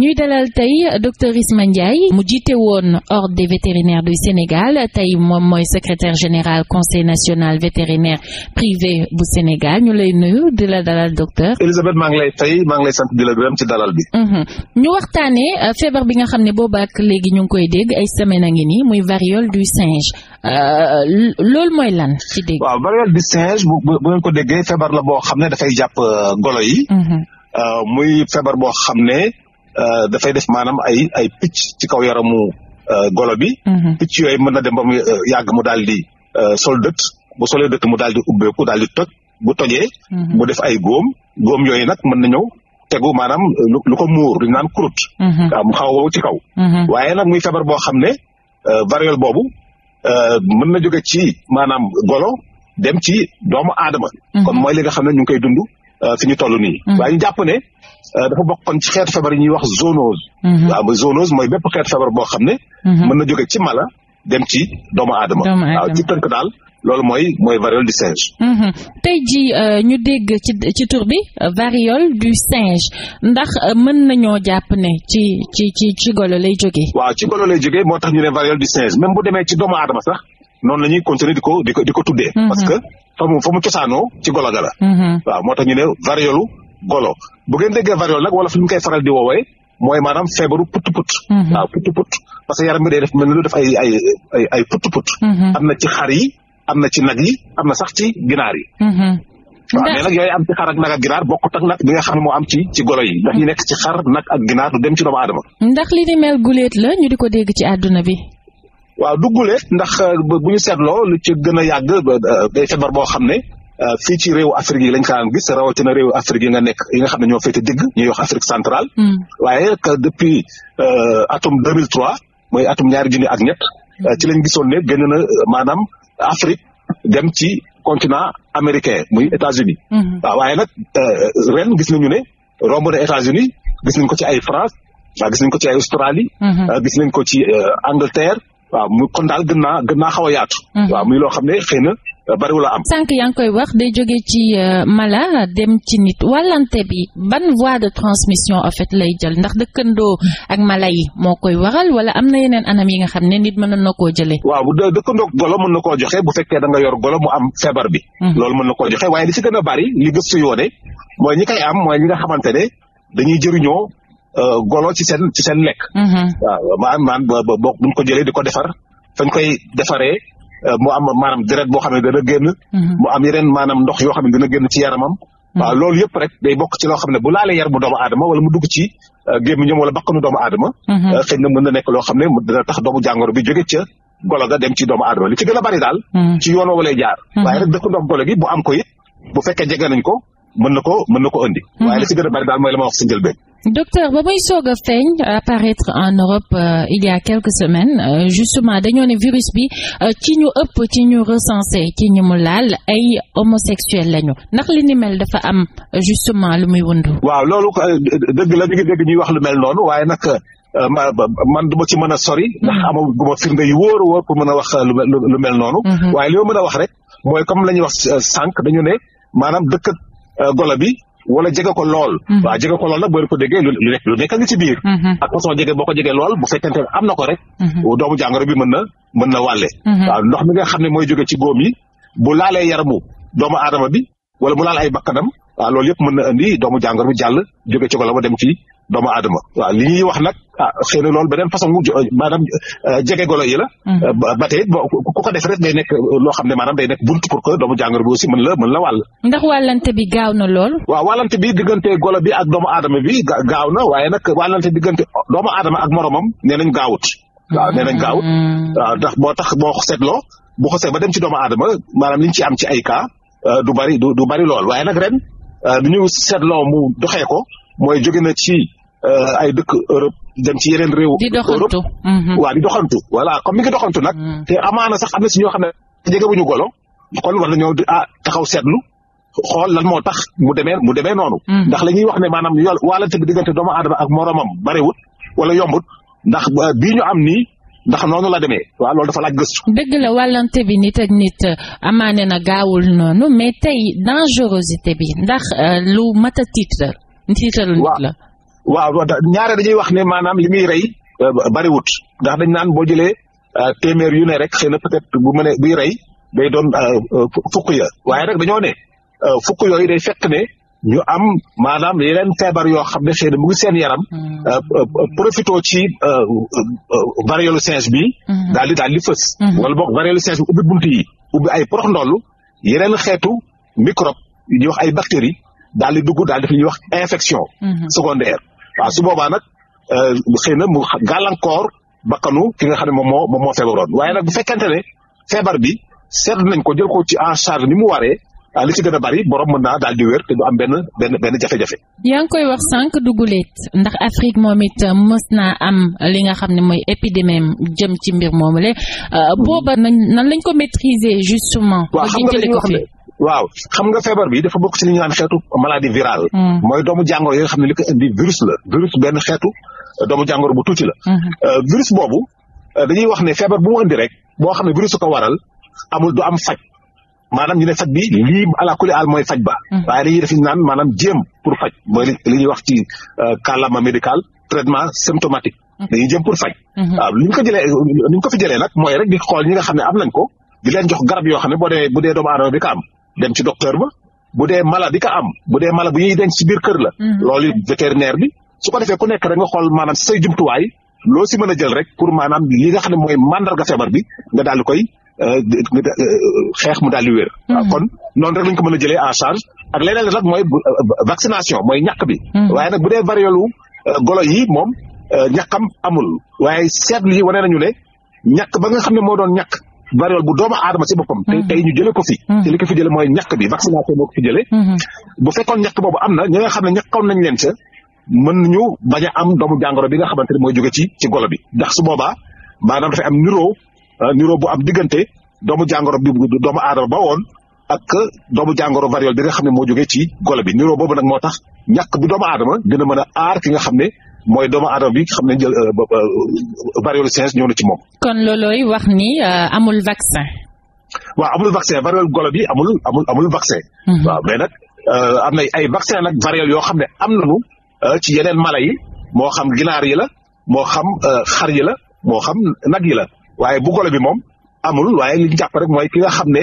ñuy dalal tey docteur Isma Ndiaye mu woon ordre des vétérinaires du Sénégal tey moom mooy secrétaire général conseil national vétérinaire privé bu Sénégal ñu lay nuyu di la dalal docteur. Elisabeth maa ngi maa ngi lay sant di la gërëm ci bi. Mhm. Euh, feebar bi nga xam ne boobaak léegi ñu ngi koy dégg ay semaine a ngi nii muy variole du singe euh, lool mooy lan ci dégg. waaw variole du singe bu bu ngeen ko déggee feebar la boo xam ne dafay jàpp euh, golo yi. Mhm. muy feebar boo xam ne. Euh, dafay def maanaam ay ay picc ci kaw yaramu euh, golo bi. Mhm. picc yooyu mën na dem ba mu euh, yàgg mu daal di sol dëtt bu sole dëtt mu daal di ubbeeku daal di toj bu tojee. Mhm. mu def ay góom góom yooyu nag mën na ñëw tegu maanaam lu ko muur nan naan kurut. Mhm. mu ci kaw. waaye nag muy feebar boo xam ne variole boobu mën na jóge ci maanaam golo dem ci doomu aadama. kon mooy li nga xam ne ñu ngi koy dund fi ñu toll nii. waaye ñu jàpp ne. Euh, dafa bokkoon ci xeet feebar yi ñuy wax zoonose. Mhm. waaw mooy zoonose mooy bépp xeet feebar boo xam ne. Mhm. mën na jóge ci mala dem ci doomu aadama. waaw ci tënk daal. loolu mooy mooy variole du singe. Mhm. tey jii euh, ñu dégg ci ci bi euh, variole du singe ndax mën nañoo jàpp ne ci golo lay jógee. waaw ci golo lay jógee moo tax ñu ne variole du singe même bu demee ci doomu di di ko di ko tuddee. parce que fa mu la. moo tax ñu ne variolu golo. bu ngeen déggee variole nag wala fi ñu koy faral di woowee mooy maanaam feebaru put mhm. put parce que yaram bi day def mel ni lu def ay put put mhm. am na ci xar yi am na ci nag yi am na sax ci ginaar yi mhm. waaw mais nag yooyu am ci xar ak nag ak ginaar bokkut bi nga xam moo am ci ci golo yi ndax ñu nekk ci xar nag ak ginaar du dem ci doomu aadama ndax li ni la ñu di ko dégg ci àdduna bi waaw du guleet ndax euh, bu ñu seetloo lu ci gën a yàgg euh, day feebar boo xam ne Euh, fii ci réewu Afrique yi lañ ko daan gis rawatina réewu Afrique yi nga nekk yi nga xam ne ñoo féete digg ñuy Afrique centrale. Hmm. waaye depuis euh, atum mooy atum ñaari junni ak ñett euh, ci lañ gisoon ne gën na maanaam Afrique dem ci continent américain muy États-Unis waaw hmm. ah, waaye nag ren gis nañu ne romb na États-Unis gis nañ ko ci ay France waaw gis nañ ko ci ay Australie. Hmm. gis nañ ko ci Angleterre. waaw mu kon daal gën naa gën naa xaw a muy loo xam ne bariwul a am. sànq yaa ngi koy wax day jóge ci euh, mala dem ci nit wàllante bi ban voie de transmission en fait lay jël ndax dëkkandoo ak mala yi moo koy waral wala am na yeneen anam yi nga xam ne nit mën na koo jëlee. waaw bu dëkkandoo golo mën na koo joxe bu fekkee da nga yor golo mu am feebar bi. Hmm. loolu mën na koo joxe waaye li si gën a bari li gëstu yoone mooy ñi koy am mooy ñi nga xamante ne dañuy jëriñoo euh, golo ci seen ci seen lekk. Hmm, hmm. waaw maanaam boo buñ ko jëlee di ko defar fañ koy defaree. Euh, mu am maanaam deret boo xam ne dana génn. Mhm. mu am yeneen maanaam ndox yoo xam ne dana génn ci yaramam. Mhm. waaw loolu yëpp rek day bokk loo xam ne bu laalee yar bu doomu aadama wala mu dugg ci euh, gémmiñam wala bakkanu doomu aadama. Mhm. Euh, xëy na mën na nekk loo xam ne dana tax doomu jàngoro bi jóge ca golo ga dem ci doomu aadama li ci gën a bari daal. ci yoon woowu lay jaar. waaye rek dëkk ndox golo gi am ko it bu fekkee ko mën na ko mën ko indi. waaye li ci a bari daal mooy la ma wax docteur ba muy soog a feeñ euh, apparaître en Europe euh, il y a quelques semaines euh, justement dañoo ne virus bi euh, ci ñu ëpp ci ñu recensé ci ñu mu laal ay homosexuel lañu ndax li ni mel dafa am justement lu muy wundu waaw loolu dëgg la ñu ngi ñuy wax lu mel noonu waaye nag man du ma ci mën a sori. Mm-hmm. ndax amaguma firnde yu wóor a wóor pour mën a wax lu mel lu mel noonu. Mm-hmm. waaye li mën a wax rek mooy comme la ñuy wax sànq dañu ne maanaam dëkk golo bi. wala jege ko lool mhm. waaw jege ko lool nag boo ko déggee lu lu nekk nga ci biir mhm. ak façon jege boo ko jegee lool am na ko rek mhm. doomu jàngoro bi mën na mën na wàlle ndox mi nga xam ne mooy jóge ci góom yi bu laalee yaramu doomu aadama bi wala mu laal ay bakkanam waaw loolu yëpp mën na andi doomu jàngoro bi jàll jóge ci ba dem ci doomu aadama waaw li ñuy wax nag ah xëy na loolu beneen façon maanaam euh, jege golo yi la. Mm. Euh, ba tey boo ku ko def rek day nekk euh, loo xam ne maanaam day nekk bunt pour que doomu jàngoro bi aussi mën la mën la wàll. ndax wàllante bi gaaw waaw wàllante bi diggante golo bi ak doomu aadama bi gaaw na waaye nag wàllante diggante doomu aadama ak moromam nee nañ gaawut. waaw nee nañ gaawut. Mm. waaw ndax boo tax boo seetloo bu xosee ba dem ci doomu aadama maanaam liñ ci am ci ay cas du bari du du bari lool waaye nag ren. lu euh, ñu seetloo mu doxee ko mooy jóge na ci euh, ay dëkk Europe dem ci yeneen réew. di doxantu Europe mhm. waaw di doxantu. voilà comme mi ngi doxantu nag. Mhm. te amaana sax am si ñoo xam ne jege bu ñu golo kon war nañoo ah taxaw seetlu. xool lan moo tax mu demee mu demee noonu. Mhm. ndax la ñuy wax ne maanaam yool waalante bi diggante doomu aadama ak moromam bariwut wala yombut ndax euh, bii am ni ndax noonu la demee waaw loolu dafa laaj gëstu. dëgg la wàllante bi nit ak nit euh, amaane na gaawul noonu mais tey dangerosité bi ndax euh, lu mat a tiital tiital nit la. waaw waaw ñaare dañuy wax ne maanaam li muy rey euh, bariwut ndax dañ naan boo jëlee téeméer yu ne rek xëy na peut bu mënee buy rey day doon fukk ya waaye rek dañoo ne fukk yooyu day fekk ne. ñu am maanaam yeneen feebar yoo xam ne xëy na mu ngi seen yaram. Hmm. Euh, euh, euh, profité ci variolu singe bi. Hmm. daal di daal di fës. Hmm. wala boog variolu bi ubbi bunt yi ubbi ay porox ndollu yeneen xeetu microbe yu wax ay bactéries daal di dugg daal di fi ñuy wax infection. secondaire waaw su boobaa nag xëy na mu gàllankoor bakkanu ki nga xam ne moom moo moom moo feebaroon nag bu fekkente ne feebar bi seetlu nañ ko jël ko ci en charge ni mu waree. Ah, li ci gën a bari borom mën naa daal di wér te du am benn benn jafe-jafe. yaa koy wax sànq duguleet ndax Afrique moom it euh, mës naa am li nga xam ne mooy épidémie jëm ci mbir moomule. Euh, booba nañ nan lañ ko maîtriser justement. waaw xam nga waaw xam nga feebar bi dafa bokk ci li ñu naan xeetu maladie virale. Hmm. mooy doomu jàngoro yi nga xam ne li ko indi virus la. virus benn xeetu euh, doomu jàngoro bu tuuti la. Hmm. virus boobu dañuy wax ne feebar bu mu indi rek boo xam ne virus ko waral amul du am maanaam ñu ne faj bi lii ala kulli aal mooy faj ba. Hmm. waaye dañuy def naan maanaam jéem pour faj mooy li ñuy wax ci euh, kàllaama médical traitement symptomatique. Hmm. dañuy jéem pour faj. li hmm. ñu ko jëlee ni ñu ko fi jëlee nag mooy rek di xool ñi nga xam ne am nañ ko di leen jox garab yoo xam ne boo dee bu dee doomu aadama bi ka am dem ci docteur ba bu dee mala bi ka am bu dee mala bu ñuy denc ci biir kër la. loolu vétérinaire bi su ko defee ku nekk rek nga xool maanaam say jumtuwaay loo si mën a jël rek pour maanaam li nga xam ne mooy mandarga feebar bi nga daal koy xeex mu daal di wér. Mm-hmm. kon noonu rek lañ ko mën a jëlee en charge ak leneen la nag mooy euh, vaccination mooy ñàkk bi. Mm-hmm. waaye nag bu dee variolu euh, golo yi moom euh, ñàkkam amul waaye seetlu yi na ñu ne ñàkk ba nga xam ne moo doon ñàkk. variole bu doomu aadama ci boppam. tey mm-hmm. tey ñu jëlee ko fi. ko fi jëlee mooy ñàkk bi vaccination moo ko fi jëlee. bu fekkoon ñàkk boobu am na ñi nga xam ne ñàkkoon nañ leen ca mën nañu bañ a am doomu jàngoro bi nga xamante ne mooy jóge ci ci golo bi ndax su boobaa maanaam dafay am niroo Euh, niro bu am diggante doomu jàngoro bi doomu aadama ba woon ak doomu jàngoro variole bi nga xam ne moo jógee ci golo bi niroo boobu nag moo tax ñàkk bi doomu aadama gën a mën a aar ki nga xam ne mooy doomu aadama bi xam ne jël euh, euh, variole singe ñëw na ci moom. kon loolooy wax ni amul vaccin. waaw amul vaccin variole golo bi amul amul amul vaccin. Mhm. waaw mais nag am na ay vaccin nag variole yoo xam ne am na nañu ci yeneen mala yi moo xam ginaar yi la moo xam xar yi la moo xam nag yi la. waaye bu golo bi moom amul waaye li jàpp rek mooy ki nga xam ne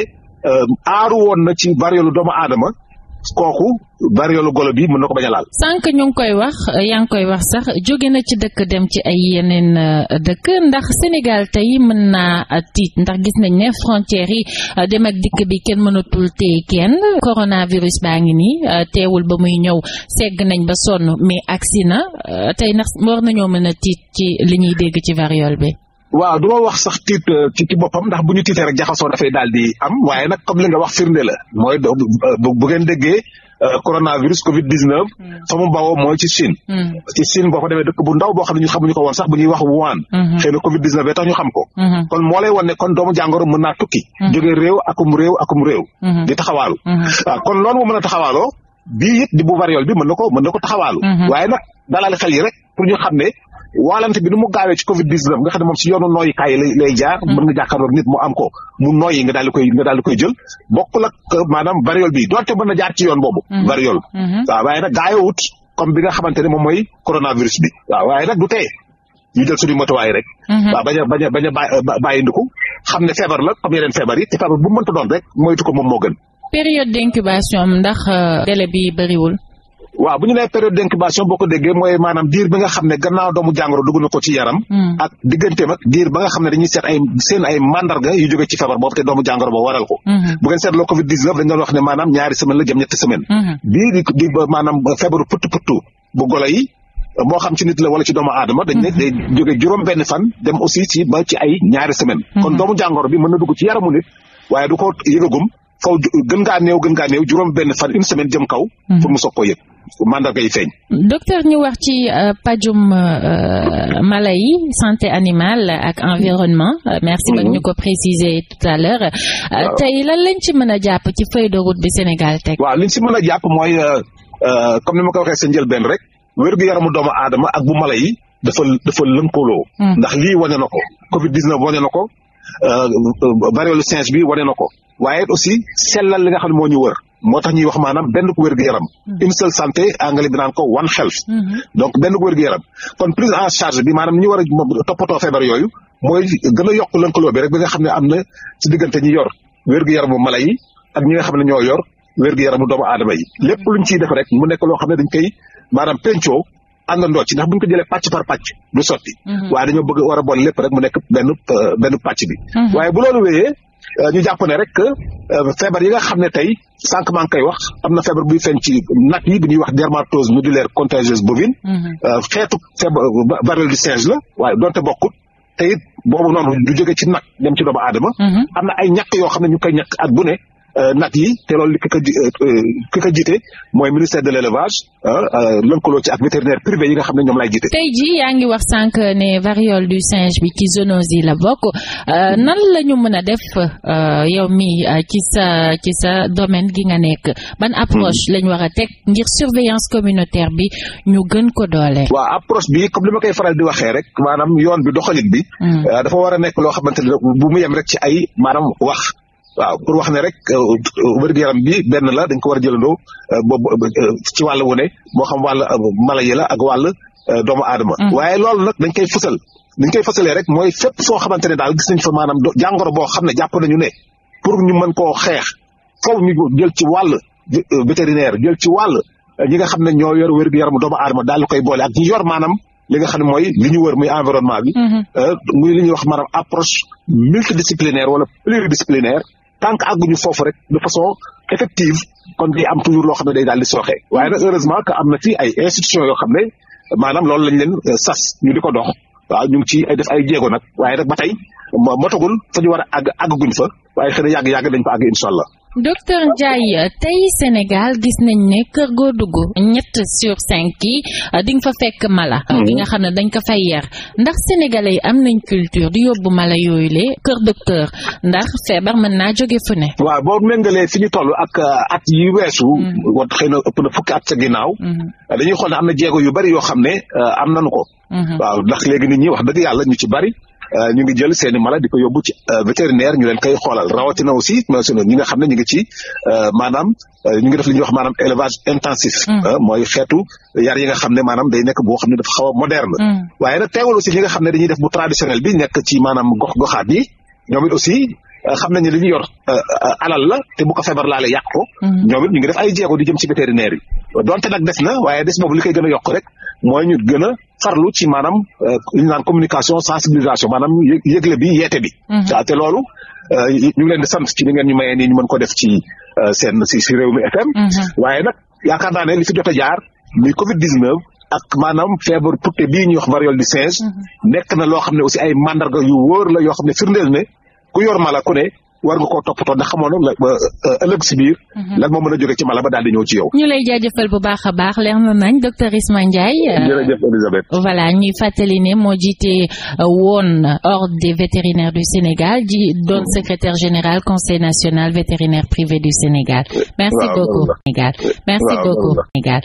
euh, aaru woon na ci variolu doomu aadama kooku variolu golo bi mën na ko bañ a sànq ñu ngi koy wax yaa ngi koy wax sax jóge na ci dëkk dem ci ay yeneen euh, dëkk ndax Sénégal tey mën naa euh, tiit ndax gis nañ ne frontières yi dem ak dikk bi kenn mënatul téye kenn coronavirus baa ngi nii teewul ba muy ñëw segg nañ ba sonn mais agsi na tey ndax war nañoo mën a tiit ci li ñuy dégg ci variole bi. wa du ma wax sax tiit euh, ci ci boppam ndax bu ñu tiitee rek jaxasoo dafay daal di am waaye nag comme li a wax firnde la mooy euh, bu ngeen déggee euh, coronavirus Covid 19. Hmm. fa mu bawoo mooy ci Chine. Hmm. ci Chine boo demee dëkk bu ndaw boo xam ne ñu xamuñu ko woon sax bu ñuy wax Wuhan. Hmm. xëy na Covid 19 bee tax ñu xam ko. kon moo lay wan ne kon doomu jàngoro mën naa tukki. jógee réew akum réew akum réew. di taxawaalu. kon loolu mu mën a taxawaaloo bii di bu variole bi mën na ko mën na ko walante bi nu mu gaawee ci Covid 19 nga xam ne mm. mu am ko mu nooyi nga daal di koy nga daal di koy jël bokkul ak euh, maanaam bi doonte mën na jaar ci yoon boobu. Mm. variole. Mm-hmm. waaw waaye nag gaayowut comme bi nga xamante ne moom mooy coronavirus bi. waaw waaye nag du tee ñu jël suñu motuwaay rek. Mm-hmm. waaw bañ a bañ a bañ a bàyyi ndiku xam ne feebar la comme yeneen feebar yi te feebar bu mu doon rek moytu ko moom moo gën. période d'incubation ndax euh, délai bi bëriwul. waaw bu ñu nee période d'incubation boo ko déggee mooy maanaam diir bi nga xam ne gannaaw doomu jàngoro dugg na ko ci yaram. Hmm. ak digganteem ak diir ba nga xam ne dañuy seet ay seen ay mandarga yu jóge ci feebar boobu te doomu jàngoro ba waral ko. Hmm. bu ngeen seetloo Covid 19 dañu doon wax ne maanaam ñaari semaine la jëm ñetti semaine. Hmm. bii di feebaru putt puttu bu golo moo xam ci nit la wala ci doomu aadama dañ ne day jóge juróom benn fan dem aussi ci ba ci ay ñaari semaine kon doomu jàngoro bi mën na dugg ci yaramu nit waaye du ko yëgagum faw gën ngaa néew gën benn fan une semaine jëm kaw pour mu soog koo mandarga yi feeñ. docteur ñu wax ci euh, pajum euh, mala yi santé animale ak environnement. Euh, merci ba mhm. ñu ko préciser tout à l'heure tey lan lañ ci mën a jàpp ci feuille de route bi Sénégal teg. waaw liñ ci mën a jàpp mooy comme ni ma ko waxee sa njëlbeen rek wérgu yaramu a aadama ak bu mala yi dafa dafa lënkaloo. Hmm. ndax lii wane na ko Covid 19 wane na ko variole singe bi wane na ko waaye aussi sellal li nga xam ne moo ñu wër. moo tax ñuy wax maanaam benn ko wér gu yaram mm-hmm. une seule mm-hmm. benn ko wér kon prise bi maanaam ñu war a toppatoo feebar yooyu mooy gën a yokk lëkkaloo bi rek bi nga xam ne am na ci diggante ñi yor wér gu yaramu mala yi ak ñi nga xam ne ñoo yor wér gu yaramu doomu aadama yi mm-hmm. lépp luñ ciy def rek mu nekk loo xam ne dañ koy maanaam pencoo àndandoo ci ndax buñ ko jëlee pàcc par pàcc du sotti waaye dañoo bëgg war a boole lépp rek mu nekk benn euh, benn pàcc bi waaye bu loolu wéyee euh, ñu jàpp ne rek euh, feebar yi nga xam ne tey sànq maa ngi koy wax am na feebar buy feeñ ci nag yi bi ñuy wax dermatose nodulaire contagieuse bovine. Mhm. Euh, xeetu feebar variole du singe la waaye donte bokkut. te it boobu noonu du ci nag dem ci doomu aadama. Mhm. am na ay ñàkk yoo xam ne ñu koy ñàkk at bu ne. Euh, nag yi te loolu ki euh, euh, jiite mooy ministère de l' élevage lëkkaloo ci ak vétérinaire privé yi nga xam ne ñoom laay jiite. tey jii yaa ngi wax sànq ne variole du singe bi ci zoonose yi la bokk nan la ñu mën a def yow mi ci sa ci sa domaine gi nga nekk ban approche hmm. lañ war a teg ngir surveillance communautaire bi ñu gën ko doole. waaw approche bi comme li ma koy faral di waxee rek maanaam yoon bi doxalin bi. Hmm. dafa war a nekk loo xamante ne bu mu yem rek ci ay maanaam wax. waaw pour wax ne rek euh, euh, wér-gu-yaram bi benn la dañ ko war a jëlandoo euh, boobu ci wàll wu ne moo xam wàll mala yi la ak wàll doomu aadama. Mm. waaye loolu nag dañ koy fësal dañ koy fësalee rek mooy fépp foo xamante ne daal gis nañ fa maanaam jàngoro boo xam ne jàpp nañu ne pour ñu mën koo xeex foofu ñu jël ci wàll vétérinaire jël ci wàll ñi nga xam ne ñoo yor wér gu doomu aadama daal di koy boole ak ñi yor maanaam li nga xam ne mooy li ñu wër muy environnement bi. Mm-hmm. muy li ñuy wax maanaam approche multidisciplinaire wala pluridisciplinaire. tant que àgguñu foofu rek de façon effective kon day am toujours loo xam ne day daal di sooxee waaye nag heureusement que am na ci ay institutions yoo xam ne maanaam loolu lañ leen euh, sas ñu di ko dox waaw ñu ngi ci ay def ay jéego nag waaye nag ba tey motagul fa ñu war a àgg àgguñ fa waaye xëy na yàgg-yàgg dañ fa àgg incha allah docteur Ndiaye tey Sénégal gis nañ ne kër goo dugg ñett sur cinq yi euh, di nga fa fekk mala. bi euh, mhm. nga xam ne dañ ko fay yar ndax sénégalais yi am nañ culture di yóbbu mala yooyu le kër docteur ndax feebar mën naa jóge fu ne. waaw boo méngalee fi ñu toll ak euh, at yi weesu. Mhm. wat xëy na ëpp na fukki at sa ginnaaw. Mhm. dañuy xool ne am na jéego yu bari yoo xam ne am nañu ko. waaw ndax léegi nit ñi wax dëgg yàlla ñu ci bari. Euh, ñu ngi jël seen i mala di ko yóbbu ci euh, vétérinaire ñu leen koy xoolal rawatina aussi suñu nga xam ne ñu ngi ci euh, maanaam ñu ngi def li ñuy wax maanaam élevage intensif. Mm. mooy xeetu yar yi nga xam ne maanaam day nekk boo xam ne dafa xaw a moderne. Mm. waaye nag teewul aussi ñi nga xam ne dañuy def bu traditionnel bi nekk ci maanaam gox goxaat yi ñoom it aussi. xam nañ ne li ñu yor alal la te bu ko feebar laalee yàq ko. Mm. ñoom ñu ngi def ay jéego di jëm ci vétérinaire yi. donte nag des na waaye des boobu li koy gën a yokk rek mooy ñu gën a farlu ci maanaam li euh, ñu naan communication sensibilisation maanaam yëgle bi yeete bi. Mhm. Ah, te loolu euh, ñu ngi leen di sant ci ni ngeen ñu mayee nii ñu mën ko def ci euh, seen si si Rewmi FM. Mhm. waaye nag yaakaar naa ne li fi jot jaar muy Covid 19. ak maanaam feebar putte bii ñuy wax variole du singe. Mhm. nekk na loo xam ne aussi ay mandarga yu woor la yoo xam ne firndeel ne ku yor mala ku war nga koo toppatoo ndax xamoon la ba euh, ëllëg si biir. Mhm. lan moo a jóge ci mala daal di ñëw yow. ñu lay jaajëfal bu baax a baax leer na nañ docteur Isma Ndiaye. Euh, jërëjëf Elisabeth. voilà ñuy fàttali ne moo jiite euh, woon ordre des vétérinaires du Sénégal ji doon mhm. secrétaire général conseil national vétérinaire privé du Sénégal. merci beaucoup Sénégal.